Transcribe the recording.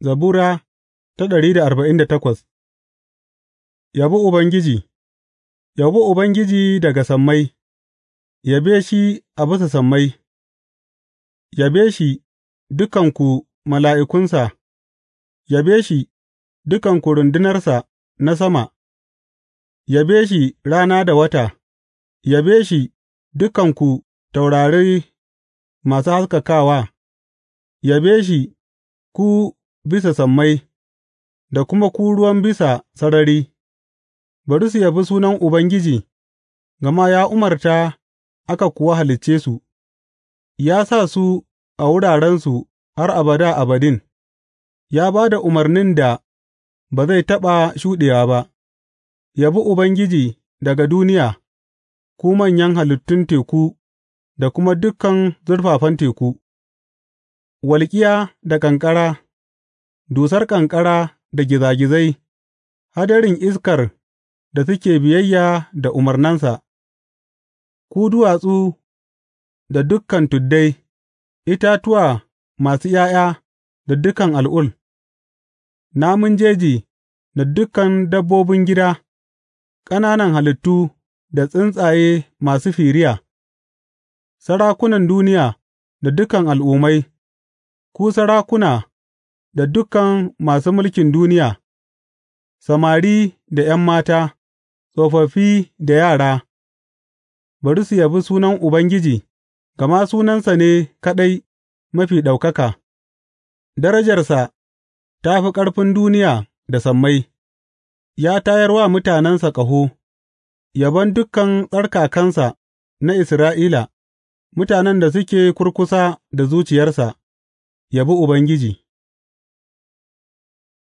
Zabura ta ɗari da arba'in da takwas Yabi Ubangiji Yabi Ubangiji daga sammai, yabe shi a bisa sammai, yabe shi dukanku mala'ikunsa, yabe shi dukanku rundunarsa na sama, yabe shi rana da wata, yabe shi dukanku taurari masu haskakawa, yabe shi ku bisa sammai da kuma kuruwan bisa sarari, bari su yabi sunan Ubangiji, gama ya umarta aka kuwa halicce su, ya sa su a wurarensu har abada abadin, ya ba da umarnin da ba zai taɓa shuɗewa ba, yabi Ubangiji daga duniya, ku manyan halittun teku da kuma dukan zurfafan teku, walƙiya da ƙanƙara. dusar ƙanƙara da gizagizai, hadarin iskar da suke biyayya da umarnansa, ku duwatsu da dukan tuddai, itatuwa masu ’ya'ya da dukan al'ul, namun jeji da dukan dabbobin gida, ƙananan halittu da tsuntsaye masu firiya, sarakunan duniya da dukan al'ummai, ku sarakuna. da dukan masu mulkin duniya, samari da ’yan mata, tsofaffi da yara, bari su yabi sunan Ubangiji, gama sunansa ne kaɗai mafi ɗaukaka; darajarsa ta fi ƙarfin duniya da sammai, ya tayar wa mutanensa ƙaho, yabon dukan tsarkakansa na Isra'ila, mutanen da suke kurkusa da zuciyarsa, yabi Ubangiji.